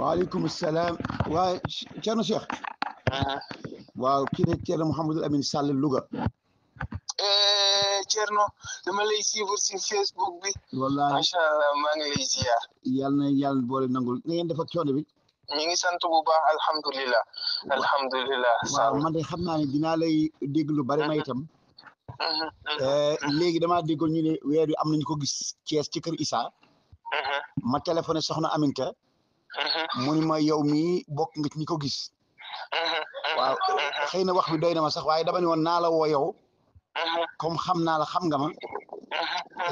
waaleykum salaam waaye Thierno Cheikh. Ah. waaw kii ne Thierno Mouhamadul Amin Sall Louga. Eh, Thierno dama lay suivre si Facebook bi. wallaahi macha allah maa ngi lay ziar. yàlla na yàlla boole nangul na ngeen def ak coono bi. ñu ngi sant bu baax alhamdulilah. alhamdulilah. de xam naa ne dinaa lay dégg bari ma mhm. itam. Mhm, mhm. Eh, léegi damaa déggoon ñu ne weer wi am nañu ko gis Thiès ci kër Issa. ma téléphoné soxna Aminta. Mm-hmm. mu ni ma yow mii bokk nga ci ñi ko gis mm-hmm. waaw mm-hmm. xëy na wax bi doy na ma sax waaye dama ne woon naa la woo yow comme xam naa la xam nga ma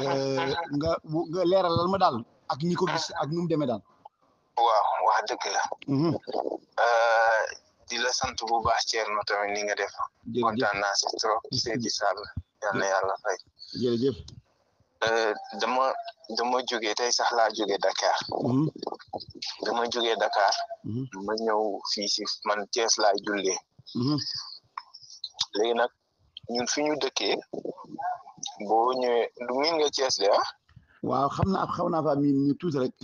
euh, nga nga leeralal ma daal ak ñi ko gis ak nu mu demee daal waaw wax dëgg la euh, di la sant bu baax Thierno tamit ni nga def kontaan naa si yàlla fay Euh, dama dama jóge tey sax laa jógee Dakar. Mhm. dama jógee Dakar. Mhm. ma ñëw fii si man Thiès laa jullee. Mhm. léegi nag ñun fi ñu dëkkee boo ñëwee du miin nga Thiès de ah. waaw xam naa xam naa fa miin ñu tuuti rek.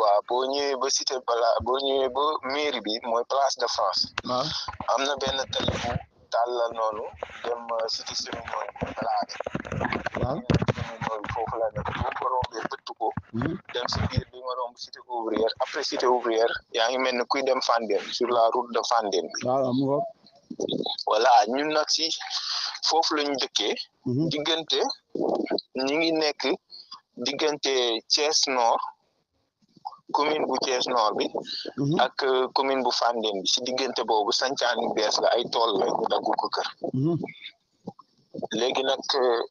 waaw boo ñëwee ba cité bala boo ñëwee ba mairie bi mooy place de France. waaw am na benn tali bu noonu dem euh, cité séminaire bi balaa waaw. foofu la nekk bu ko rombee bëtt hmm? dem si biir bi nga romb cité ouvrière après cité ouvrière yaa ngi mel ni kuy dem Fandène sur la route de Fandène bi ñun nag si foofu lañu dëkkee hmm. diggante ñi ngi nekk diggante Thiès Nord commune bu Thiès Nord bi hmm. ak euh, commune bu Fandène bi si diggante boobu sancaan bees la ay tool la ñu dagg ko kër léegi euh,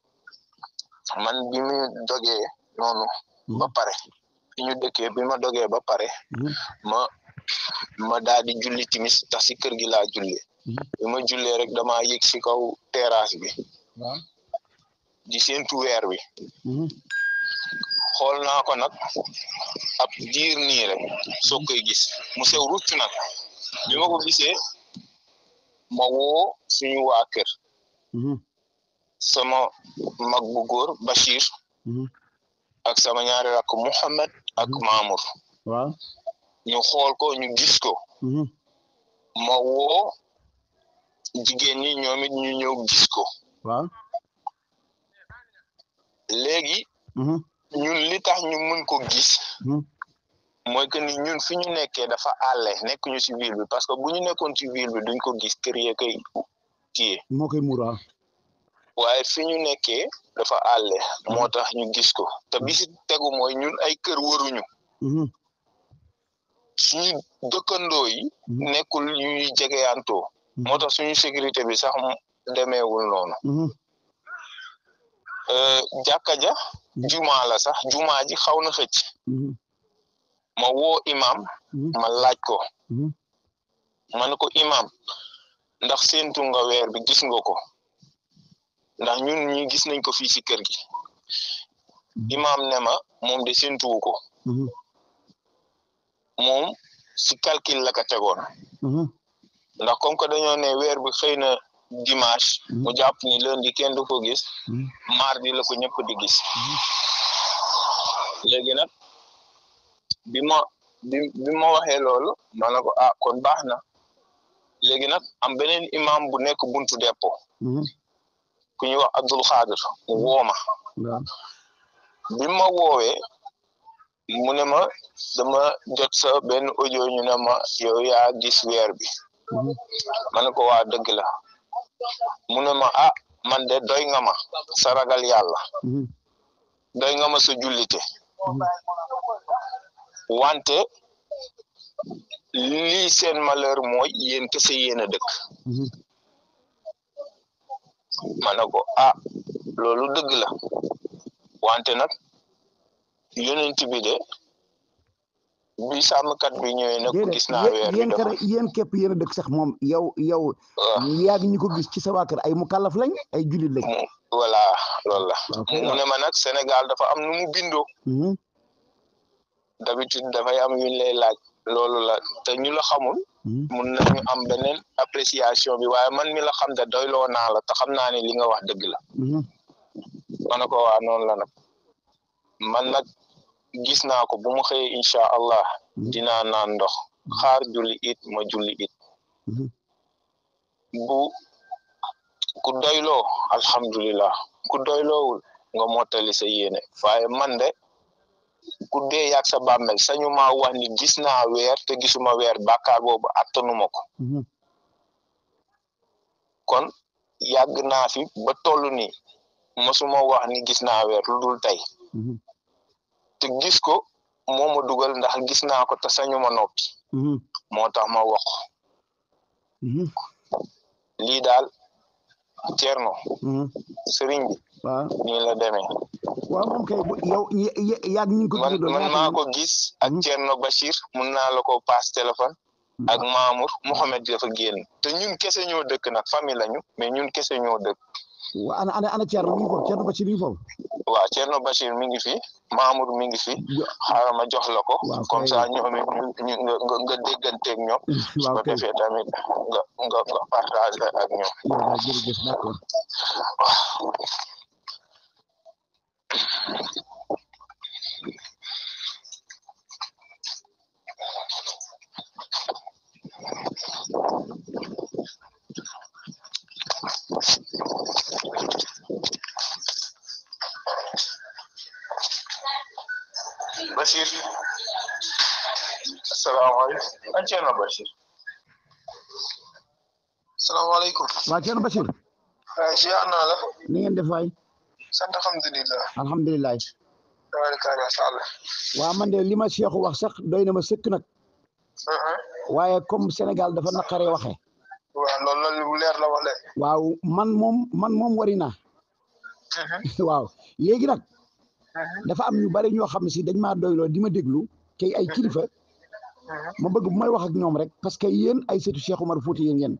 man bi mu dogee noonu hmm. ba pare bi ñu dëkkee bi ma dogee ba pare hmm. ma ma daal julli timis tax si kër gi laa julli hmm. bi ma jullee rek dama yëg si kaw terrasse bi di séntu weer wi xool naa ko nag ab diir nii rek soo koy gis mu sew rucc nag bi ma ko gisee ma woo suñu waa kër sama mag bu góor Bachir mhm. ak sama ñaari rakk Mouhamed ak mhm. Mamour waaw ñu xool ko ñu gis ko mhm. ma woo jigéen ñi ñoom ñu ñëw gis ko waaw léegi ñun li tax ñu mën ko gis mooy que ni ñun fi ñu nekkee dafa àlle nekk ñu ci ville bi parce que bu ñu nekkoon ci ville bi duñ ko gis kër yee koy kiyee moo koy muura waaye fi ñu nekkee dafa àlle mhm. moo tax ñu gis ko te bi si mhm. tegu mooy ñun ay kër waruñu mhm. suñu dëkkandoo yi nekkul yu ñuy jegeyantoo moo tax suñu sécurité bi sax demewul noonu euh, jàkka ja jumaa la sax jumaa ji xaw na xëcc ma woo imam ma laaj ko ma ne ko imam ndax séentu nga weer bi gis nga ko ndax ñun ñi gis nañ ko fii si kër gi imaam ne ma moom de séntuwu ko mhm. moom si calcul la ka mhm. ndax comme que dañoo ne weer bi xëy na dimanche mhm. mu jàpp ni lundi kenn du ko gis mardi la ko ñëpp di gis léegi nag bi ma bi bi ma waxee loolu ma ko ah kon baax na léegi nag am beneen imaam bu nekk buntu depo ku ñuy wax Abdul Xaadir mu woo ma bi ma mu ne ma dama jot sa benn odio ñu ne ya yow yaa gis weer bi mhm. ma ko waa dëgg la mu ma ah man de doy nga ma sa ragal yàlla mhm. doy nga ma sa jullite mhm. wante lii seen malheur mooy yéen kese yéen a dëkk ma ko ah loolu dëgg la wante nag yonent bi de bi sàmmkat bi ñëwee nag gis naa weer bi dafa yéen képp yéen a sax moom yow yow ah. yaa ngi ko gis ci sa waa kër ay mukallaf lañ ay jullit lañ wala loolu la ah, mu ne ma nag Sénégal dafa am nu mu bindoo mhm. d'habitude dafay am yuñ lay laaj loolu la te ñu la xamul hmm. mun nañu am beneen appréciation bi waaye man mi la xam te doyloo naa la ta xam na ne li nga wax dëgg la hmm. ma ne ko waa la nag man nag gis naa ko bumu mu xëyee incha allah hmm. dinaa naan ndox xaar julli it ma julli it bu ku doyloo alhamdulilah ku doyloowul nga mottali sa yéene waaye man de ku dee yaag sa bàmmeel sañu maa wax ni gis naa weer te gisuma weer bàkkaar ba attanuma ko mhm. kon yàgg naa fi ba toll ni mosuma wax ni gis naa weer lu dul tey mhm. te gis ko moo ma dugal ndax gis naa ko te sañu ma noppi mhm. moo tax ma wax lii daal Cerno sëriñ waaw nii la demee. moom kay yow yaa ngi ko. man man maa ko gis ak hmm. Thierno Bachir mun naa la ko paas téléphone. Hmm. ak Mamour Mouhamed dafa génn. te ñun kese ñoo dëkk nag famille lañu mais ñun kese ñoo dëkk. waaw ana ana ana Thierno mi ngi foofu Thierno Bachir mi ngi foofu. waaw Thierno Bachir mi ngi fi Mamour mi ngi fi. xaaral ma jox la ko. comme ça ñoom it ñu nga nga ñoom. Hmm, su ko defee tamit nga nga nga ak ñoom. Bachir asalaamaaleykum man Thierno Bachir. asalaamaaleykum. waa Thierno Bachir. waaw eh, ziar naa la. ni ngeen def waay. man de li ma Cheikh wax sax doy na ma sëkk nag. Uh-huh. waaye comme Sénégal dafa naqaree waxee. waaw loolu lu leer la wax man moom man moom wari naa. Uh-huh. waaw léegi dafa am ñu bari ñoo xam ne si dañ maa doyloo di ma déglu kay ay kilifa ma bëgg bu may wax ak ñoom rek parce que yéen ay sëtu Cheikh mar fuuti yéen ngeen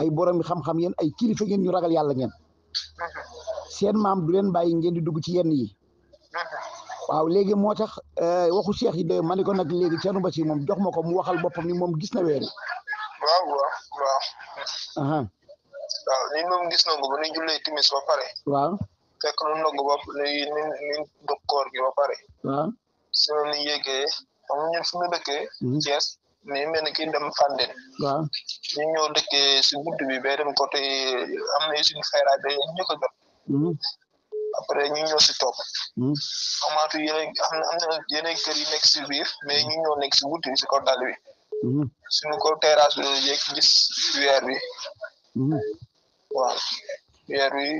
ay borom xam-xam yéen ay kilifa ngeen ñu ragal yàlla ngeen seen maam du leen bàyyi ngeen di dugg ci yenn yi waaw léegi moo tax euh, waxu Cheikh yi de ma ne ko nag léegi Thierno Bachir moom jox ma ko mu waxal boppam ni moom gis na weer waaw waaw waaw. moom gis na ko waaw. fekk nu ndog ba ni ni ni dog koor gi ba pare ah. si na ni yéegee xam nga ñun fu ñu dëkkee hmm. Thiès ni mel ni kii dem Fandène ñu ah. ñëw dëkkee si guddi bi bay dem côté am na usine ferraille ba ñu ko jot hmm. ñu ñëw si topp hmm. amaatu yeneen am na yeneen kër yi nekk si biir mais ñu ñëw nekk si guddi si ko dal bi suñu ko terrasse bi yéeg gis weer bi waaw weer wi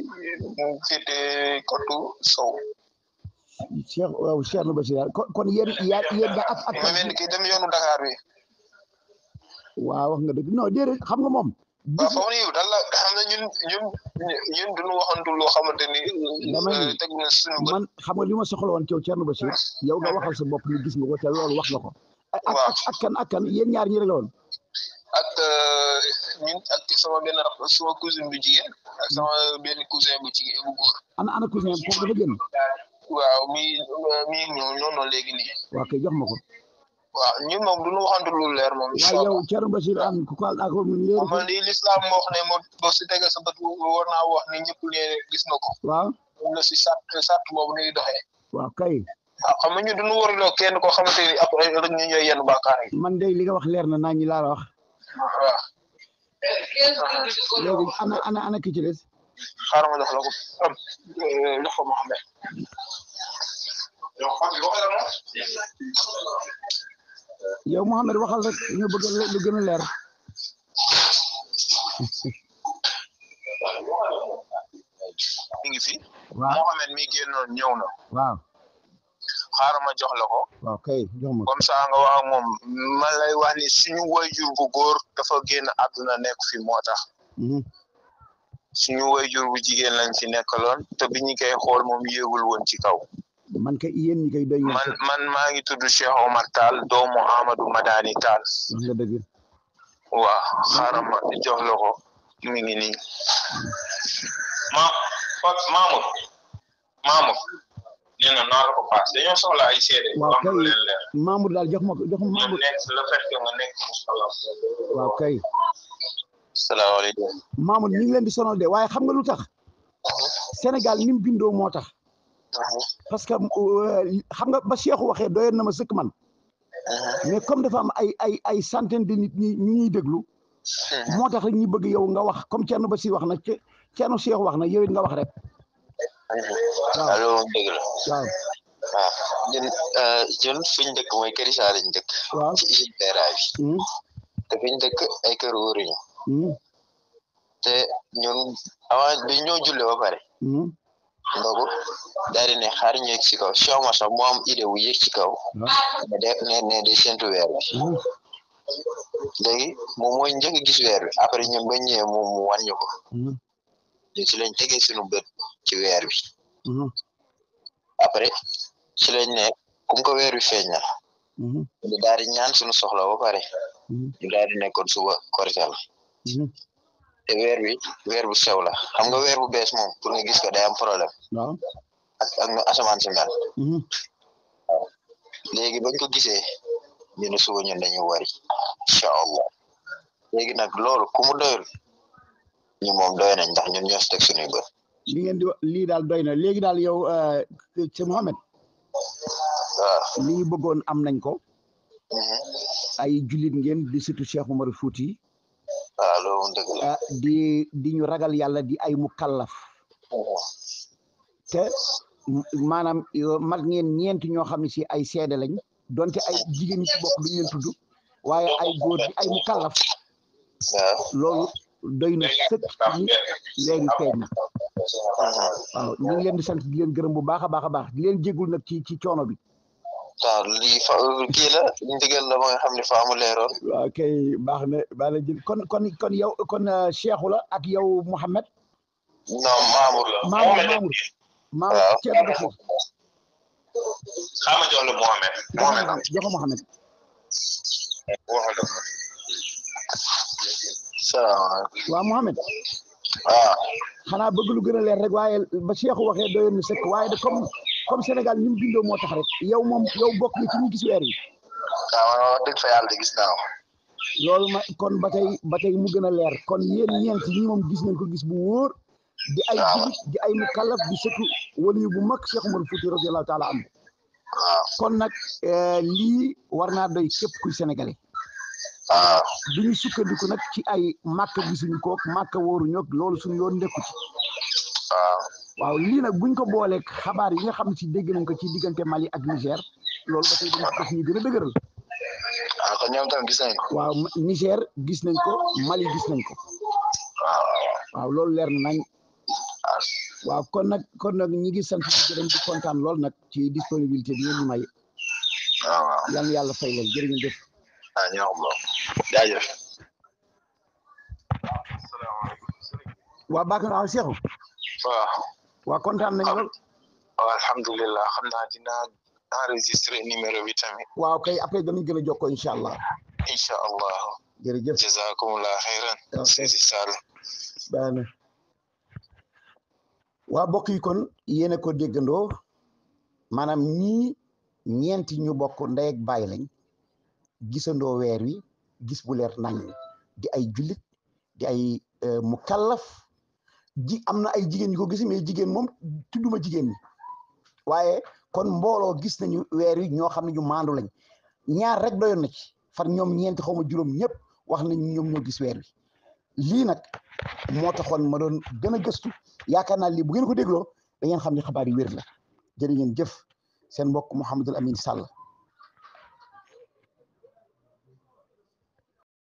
mu féete kottu sow. Cheikh waaw Cheikh Nubé kon yéen yéen da ak ak. mel ki dem yoonu Dakar wax nga dëgg non déedéet xam nga moom. waaw foofu nii daal la xam ne ñun ñun ñun duñu waxantu loo xamante ni. dama eh, ni man xam nga li ma soxla woon coow Thierno waxal sa bopp ni gis nga ko te loolu wax nga ko. ak ak kan ak kan yéen ñaar ñi ak euh, ñun ak sama benn raf sama cousin bu ak sama benn cousin bu jigéen bu góor. ana ana cousin am waaw mi mi ñëw noonu léegi nii. waaw kay jox ma ko. waaw ñun moom du ñu waxantu lu leer moom. waaw yow Thierno Bachir am ku ko ak man li lislaam moo wax ne moom boo si tegee sa bët war naa wax ne ñëpp ne gis na ko. waaw moom la si sart sart boobu ñuy doxee. kay. waaw xam nga ñun du ñu warloo kenn koo xamante ni après rek ñu ñooy yenn bàkkaar man de li nga wax leer na naa ñu laa wax. léegi ana ana ana ki ci des. xaaral ma jox yow Mouhamed waxal rek ñu bëgg lu gën a leer. mi ngi fi. waaw Mouhamed mi xaaral ma jox la ko. waaw kay jox ma comme ça góor dafa génn àdduna nekk fi moo tax. Mhm. suñu wayjur bu jigéen lañ fi nekkaloon te bi ñu koy xool moom yéegul woon ci kaw. man man man maa ngi tudd Cheikh Omar Tall doomu Amadou Madani Tall. wax nga dëgg. waaw xaaral ma nee waaw membre daal jox ma jox ma membre. nekk le fait ngi leen di sonal de waaye xam nga lu tax. Uh-huh. Sénégal ni mu bindoo moo tax. Uh-huh. parce que euh, xam nga ba Cheikh waxee doyoon na ma sëkk man. Uh-huh. mais comme dafa am ay ay ay centaine de nit ñi ñu ñuy déglu. moo tax rek ñu bëgg yow nga wax comme Thierno Bassi wax na Thierno Cheikh wax na yow it nga wax rek. allo moom dëgg la waaw waaw ñun euh, ñun fi ñu dëkk mooy këri saa lañ dëkk ci usine bi hmm. te fi ñu dëkk ay kër wóoruñu hmm. te ñun avant bi ñoo julle ba pare ndogu hmm. daal di ne xaar ñu yëg ci kaw sioma sax mu am idée wu yëg ci kaw ne de moom mooy njëkk gis weer bi après ñun ba ñëwee moom mu wan ñun si lañ tegee suñu bët ci weer wi mhm. après ci lañ ne comme que weer bi feeñal mhm. ñu daal ñaan suñu soxla ba pare mhm. ñu daal nekkoon suba korite la te weer bi weer bu sew la xam nga weer bu bees moom pour nga gis ko day am problème ak ak nu asamaan si léegi bañ ko gisee ñu ne suba ñun dañuy wari incha allah léegi nag loolu ku mu ñu doy nañ ñun ñoo si teg suñuy bët li ngeen di daal doy na léegi daal yow euh, ci Mohamed waaw li ñu bëggoon am nañ ko mhm. ay julit ngeen di situ Cheikh Omar Fouti waaw loolu euh, di di ñu ragal yàlla di ay mukallaf mhm. te maanaam mat ngeen ñeenti ñoo xam ne si ay seede lañ donte ay jigéen ñi ci bokk duñu leen tudd waaye ay góor di doy na sëkk yi léegi tey na waaw ngi leen di sant di leen gërëm bu baax a baax a baax di leen jégul na ci ci coono bi waaw lii fa la ba nga xam ne faa mu leeroon waaw kay baax na baax na kon kon yow kon euh, Cheikhou la ak yow Mouhamed non Mamour la Mamour Mamour Mamour ceeb salaamaaleykum. waaw Mohamed. waaw. Ah. xanaa bëgg lu gën a leer rek waaye ba Cheikh waxee doyoon na sëkk waaye de comme comme Sénégal ni mu moo tax rek yow moom yow bokk na ci gis weer yi. Ah, waaw ma kon ba tey ba mu gën a leer kon yéen ñeent ñi moom gis nañ ko gis bu wóor. di ay ah. julit di ay mu kalaf bu mak Cheikh Umar Fouti radiyallahu taala am kon nag eh, lii war naa doy képp kuy sénégalais. waaw ah. bi ñu sukkandiku nag ci ay màkka gisuñu kook màkka wóoruñu ak loolu suñu yoon nekku ci waaw ah. waaw lii nag buñ ko boole xabaar yi nga xam ci dégg nañ ko ci diggante Mali ak Niger lool dafay dem daf ñu gën a dëgëral waaw ah, kon waaw Niger gis nañ ko Mali gis nañ ko waaw waaw loolu leer na nañ waaw kon nag kon nag ñi ngi sant di gërëm kontaan lool nag ci disponibilité bi ngeen ñu may waaw yàlla yàlla fay leen jërë ngeen jëf jaajëf. waa Bakaraw Cheikhou. waaw. waa kontaan nañu lool. waaw alhamdulilah xam naa dinaa enregistré numéro bi tamit. kay après danañ gën a jokkoo incha allah. incha allah. jërëjëf jazakumullah xayran. Seydi Sall. baax na waa mbokk yi kon yéen a ko déggandoo maanaam ñii ñeenti ñu bokk ndey ak baay lañ gisandoo weer wi gis bu leer nañ di ay julit di ay euh, mu ji am na ay jigéen ñu ko gis mais jigéen moom tudduma jigéen ñi waaye kon mbooloo gis nañu weer yi ñoo xam ne ñu maandu lañ ñaar rek doyoon na ci far ñoom ñeenti xaw ma juróom ñëpp wax nañ ñoom ñoo gis weer wi lii nag moo xoon ma doon gën a gëstu yaakaar naa lii bu ngeen ko dégloo da xam ne xabaar yi wér la jërë ngeen jëf seen mbokk Mouhamadul Amin Sall